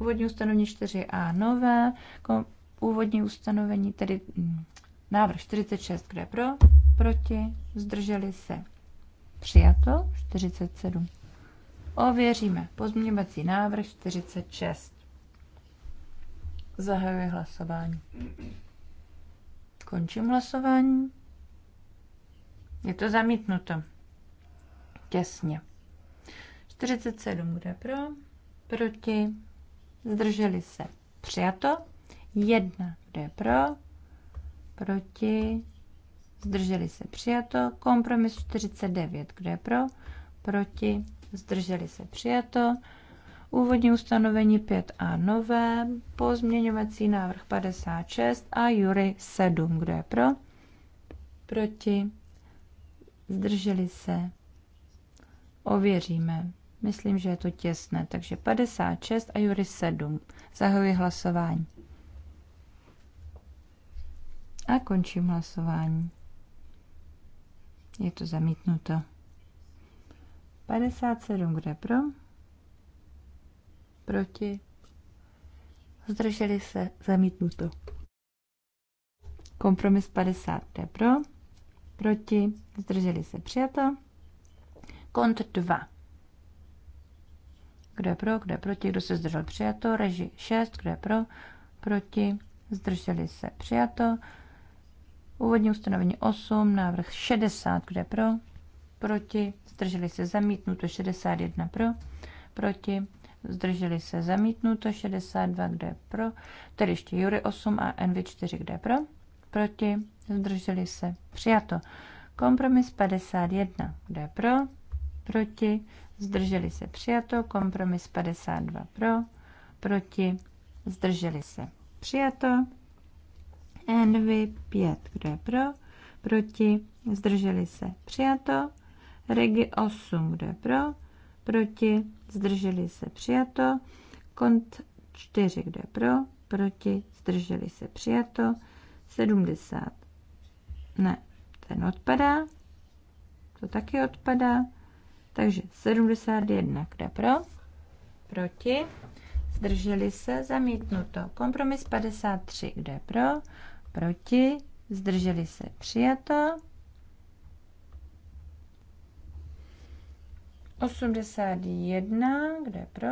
Úvodní ustanovení 4a nové, úvodní ustanovení, tedy mm, návrh 46, kde pro, proti, zdrželi se. Přijato 47. Ověříme pozměňovací návrh 46. Zahajuji hlasování. Končím hlasování. Je to zamítnuto těsně. 47 bude pro, proti, zdrželi se, přijato. 1 bude pro, proti, zdrželi se, přijato. Kompromis 49, kdo je pro, proti, zdrželi se, přijato. Úvodní ustanovení 5a nové, pozměňovací návrh 56 a Jury 7, kdo je pro, proti, zdrželi se, Ověříme. Myslím, že je to těsné. Takže 56 a Jury 7. Zahajuji hlasování. A končím hlasování. Je to zamítnuto. 57, kde pro? Proti? Zdrželi se zamítnuto. Kompromis 50, je pro? Proti? Zdrželi se přijato. Kont 2. Kdo je pro, kdo je proti, kdo se zdržel přijato. Reži 6, kdo je pro, proti, zdrželi se přijato. Úvodní ustanovení 8, návrh 60, kdo je pro, proti, zdrželi se zamítnuto 61 pro, proti, zdrželi se zamítnuto 62, kde pro, tedy ještě Jury 8 a NV4, kde pro, proti, zdrželi se přijato. Kompromis 51, kde pro, proti, zdrželi se přijato, kompromis 52 pro, proti, zdrželi se přijato, NV 5, kdo je pro, proti, zdrželi se přijato, Regi 8, kdo je pro, proti, zdrželi se přijato, Kont 4, kdo je pro, proti, zdrželi se přijato, 70, ne, ten odpadá, to taky odpadá, takže 71, kde pro? Proti. Zdrželi se, zamítnuto. Kompromis 53, kde pro? Proti. Zdrželi se, přijato. 81, kde pro?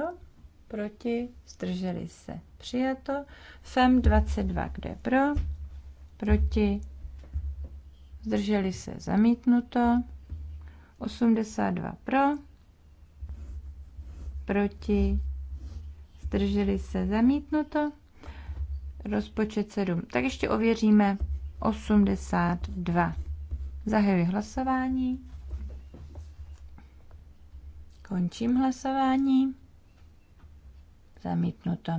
Proti. Zdrželi se, přijato. FEM 22, kde pro? Proti. Zdrželi se, zamítnuto. 82 pro, proti, zdrželi se zamítnuto, rozpočet 7. Tak ještě ověříme 82. Zahajuji hlasování. Končím hlasování. Zamítnuto.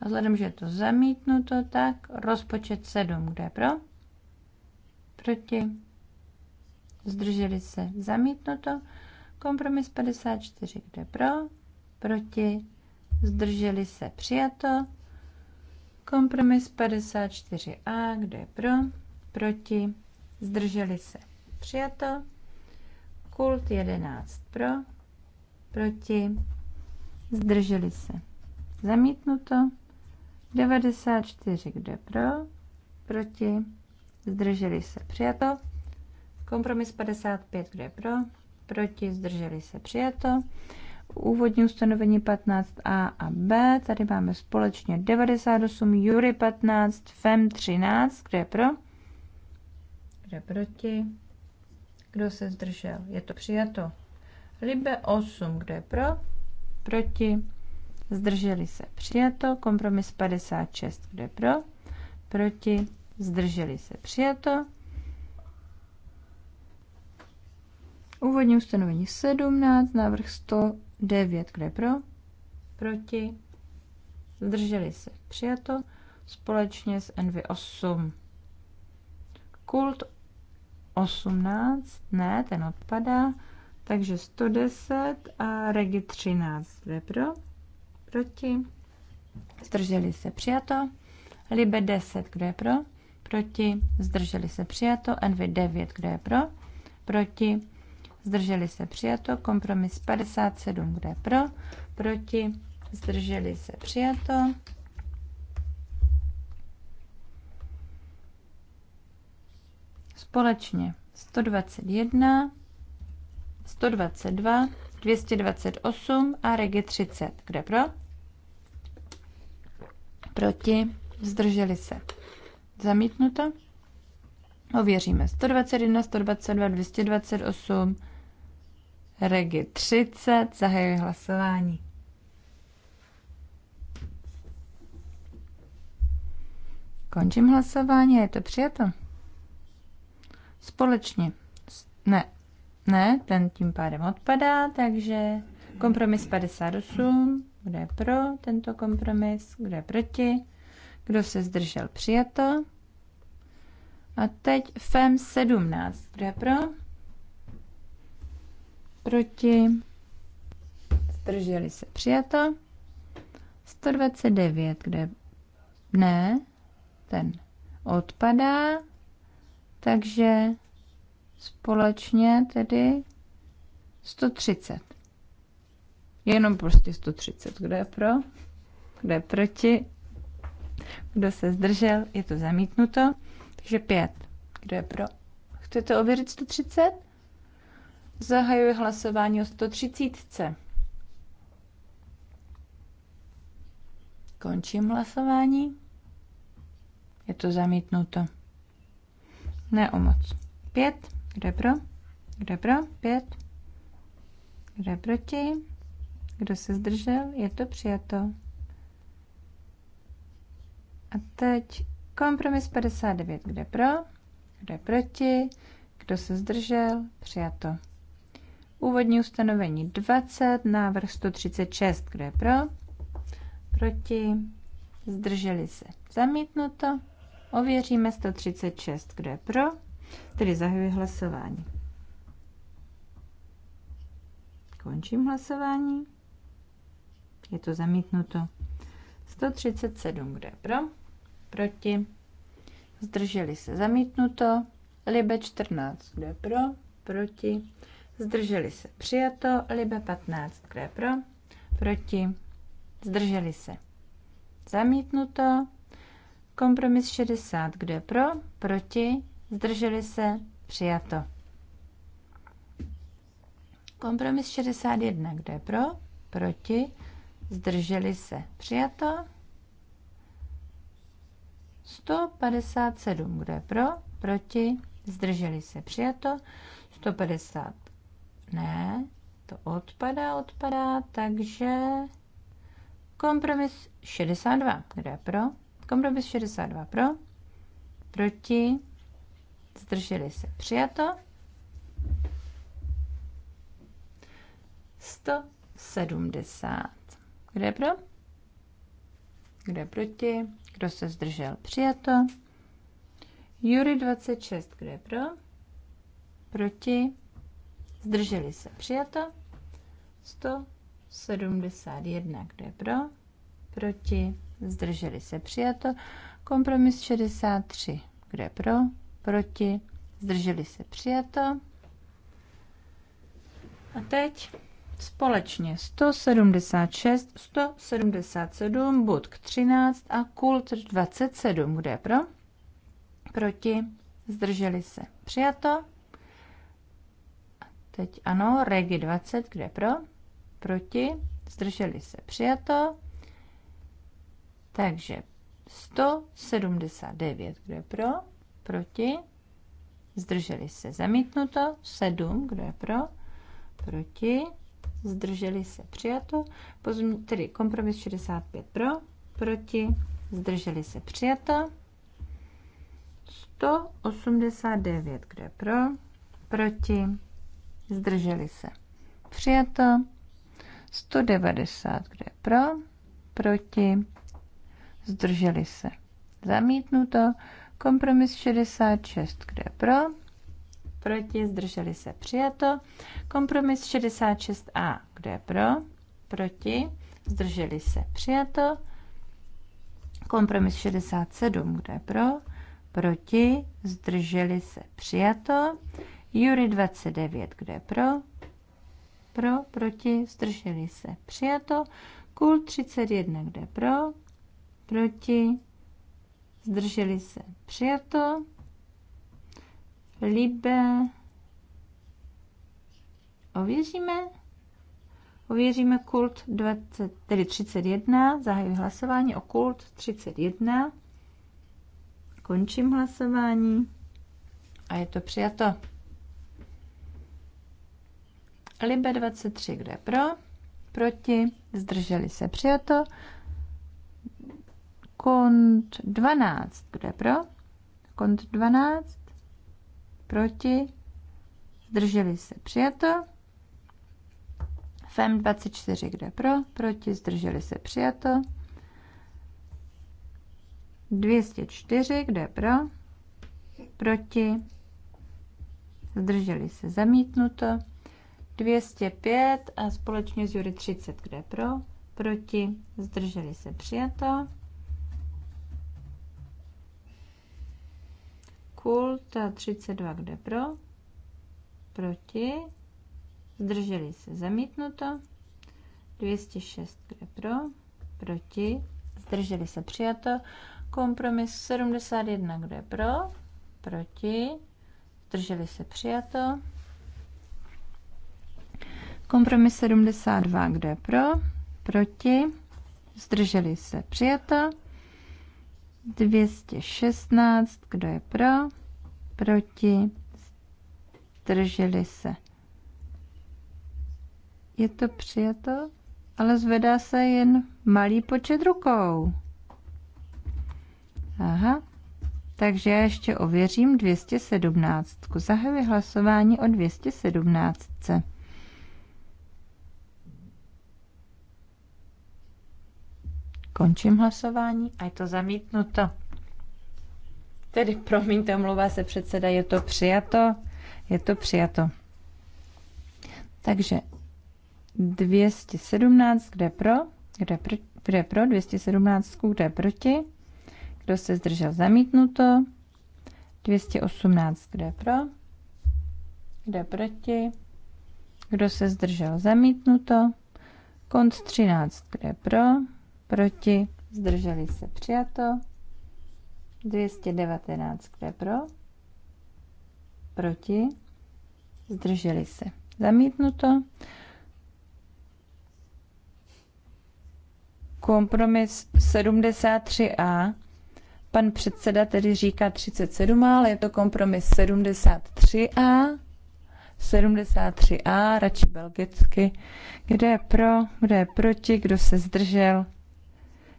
A vzhledem, že je to zamítnuto, tak rozpočet 7, kde pro? Proti zdrželi se, zamítnuto. Kompromis 54, kde pro, proti, zdrželi se, přijato. Kompromis 54a, kde je pro, proti, zdrželi se, přijato. Kult 11 pro, proti, zdrželi se, zamítnuto. 94, kde pro, proti, zdrželi se, přijato. Kompromis 55, kdo je pro? Proti, zdrželi se, přijato. Úvodní ustanovení 15a a b, tady máme společně 98, Jury 15, FEM 13, kdo je pro? Kdo je proti? Kdo se zdržel? Je to přijato. Libe 8, kdo je pro? Proti? Zdrželi se přijato. Kompromis 56, kdo je pro? Proti? Zdrželi se přijato. Úvodní ustanovení 17, návrh 109, kde pro? Proti. Zdrželi se. Přijato. Společně s NV8. Kult 18, ne, ten odpadá. Takže 110 a regi 13, kde pro? Proti. Zdrželi se. Přijato. Libe 10, kde pro? Proti. Zdrželi se. Přijato. NV 9, kde pro? Proti zdrželi se přijato, kompromis 57, kde pro, proti, zdrželi se přijato. Společně 121, 122, 228 a regi 30. Kde pro? Proti, zdrželi se. Zamítnuto. Ověříme 121, 122, 228. Regi 30, zahajuji hlasování. Končím hlasování, je to přijato. Společně. Ne, ne, ten tím pádem odpadá, takže kompromis 58, kdo je pro tento kompromis, kdo je proti, kdo se zdržel, přijato. A teď FEM 17, kdo je pro? proti, zdrželi se přijato. 129, kde ne, ten odpadá, takže společně tedy 130. Jenom prostě 130. Kdo je pro? Kdo je proti? Kdo se zdržel? Je to zamítnuto. Takže 5. Kdo je pro? Chcete ověřit 130? Zahajuji hlasování o 130. Končím hlasování. Je to zamítnuto. Ne o moc. Pět. Kdo je pro? Kdo je pro? Pět. Kdo je proti? Kdo se zdržel? Je to přijato. A teď kompromis 59. Kdo je pro? Kdo je proti? Kdo se zdržel? Přijato. Úvodní ustanovení 20, návrh 136, kdo je pro? Proti? Zdrželi se. Zamítnuto. Ověříme 136, kdo je pro? Tedy zahajuji hlasování. Končím hlasování. Je to zamítnuto. 137, kdo je pro? Proti? Zdrželi se. Zamítnuto. Libe 14, kdo je pro? Proti? zdrželi se přijato, Libe 15, kdo je pro, proti, zdrželi se zamítnuto, kompromis 60, kdo je pro, proti, zdrželi se přijato. Kompromis 61, kdo je pro, proti, zdrželi se přijato. 157, kdo je pro, proti, zdrželi se přijato. 150, ne, to odpadá, odpadá, takže kompromis 62. Kde je pro? Kompromis 62 pro. Proti. Zdrželi se. Přijato. 170. Kde je pro? Kde je proti? Kdo se zdržel? Přijato. Jury 26. Kde je pro? Proti zdrželi se, přijato. 171, kdo je pro, proti, zdrželi se, přijato. Kompromis 63, kdo je pro, proti, zdrželi se, přijato. A teď společně 176, 177, Budk 13 a Kult 27, kdo je pro? Proti, zdrželi se, přijato. Teď ano, Regi 20, kde pro? Proti. Zdrželi se přijato. Takže 179, kde pro? Proti. Zdrželi se zamítnuto. 7, kde pro? Proti. Zdrželi se přijato. Pozum, tedy kompromis 65 pro. Proti. Zdrželi se přijato. 189, kde pro? Proti zdrželi se. Přijato 190, kde pro, proti, zdrželi se. Zamítnuto kompromis 66, kde pro, proti, zdrželi se. Přijato kompromis 66a, kde pro, proti, zdrželi se. Přijato kompromis 67, kde pro, proti, zdrželi se. Přijato Jury 29, kdo je pro? Pro, proti, zdrželi se. Přijato. Kul 31, kdo je pro? Proti, zdrželi se. Přijato. Libe. Ověříme. Ověříme kult 20, tedy 31. Zahajuji hlasování o kult 31. Končím hlasování. A je to přijato. Libe 23, kde pro, proti, zdrželi se přijato. Kont 12, kde pro, kont 12, proti, zdrželi se přijato. FEM 24, kde pro, proti, zdrželi se přijato. 204, kde pro, proti, zdrželi se zamítnuto. 205 a společně z Jury 30, kde pro, proti, zdrželi se přijato. Kult 32, kde pro, proti, zdrželi se zamítnuto. 206, kde pro, proti, zdrželi se přijato. Kompromis 71, kde pro, proti, zdrželi se přijato. Kompromis 72, kdo je pro? Proti? Zdrželi se přijato. 216, kdo je pro? Proti? Zdrželi se. Je to přijato, ale zvedá se jen malý počet rukou. Aha, takže já ještě ověřím 217. Zahajuji hlasování o 217. Končím hlasování a je to zamítnuto. Tedy promiňte, omlouvá se předseda, je to přijato, je to přijato. Takže 217, kde pro, kde, pro, kde pro, 217, kde proti, kdo se zdržel zamítnuto, 218, kde pro, kde proti, kdo se zdržel zamítnuto, kont 13, kde pro, proti, zdrželi se přijato, 219, kde pro, proti, zdrželi se zamítnuto, kompromis 73a, pan předseda tedy říká 37, ale je to kompromis 73a, 73a, radši belgicky, kde je pro, kde je proti, kdo se zdržel,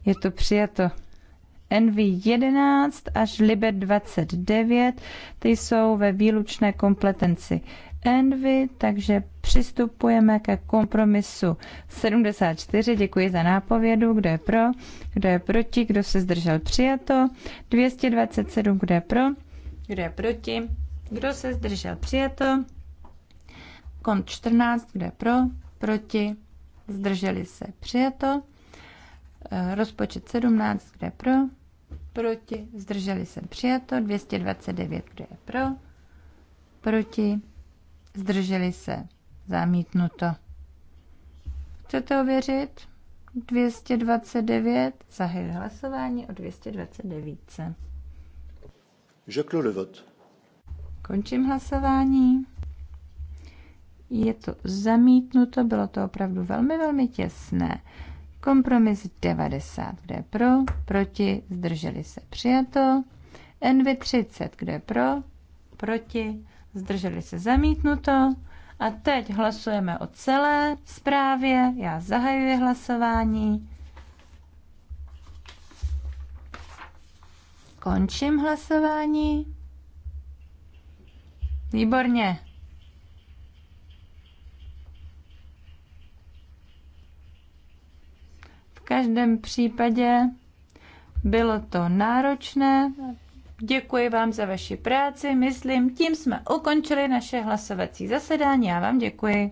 je to přijato. NV 11 až Libe 29, ty jsou ve výlučné kompetenci Envy, takže přistupujeme ke kompromisu 74. Děkuji za nápovědu, kdo je pro, kdo je proti, kdo se zdržel přijato. 227, kdo je pro, kdo je proti, kdo se zdržel přijato. Kont 14, kdo je pro, proti, zdrželi se přijato. Eh, rozpočet 17, kde je pro? Proti. Zdrželi se přijato. 229, kde je pro? Proti. Zdrželi se zamítnuto. Chcete ověřit? 229. Zahajuji hlasování o 229. Je le vote. Končím hlasování. Je to zamítnuto, bylo to opravdu velmi, velmi těsné. Kompromis 90, kde je pro, proti, zdrželi se, přijato. NV30, kde je pro, proti, zdrželi se, zamítnuto. A teď hlasujeme o celé zprávě. Já zahajuji hlasování. Končím hlasování. Výborně. každém případě bylo to náročné. Děkuji vám za vaši práci. Myslím, tím jsme ukončili naše hlasovací zasedání. Já vám děkuji.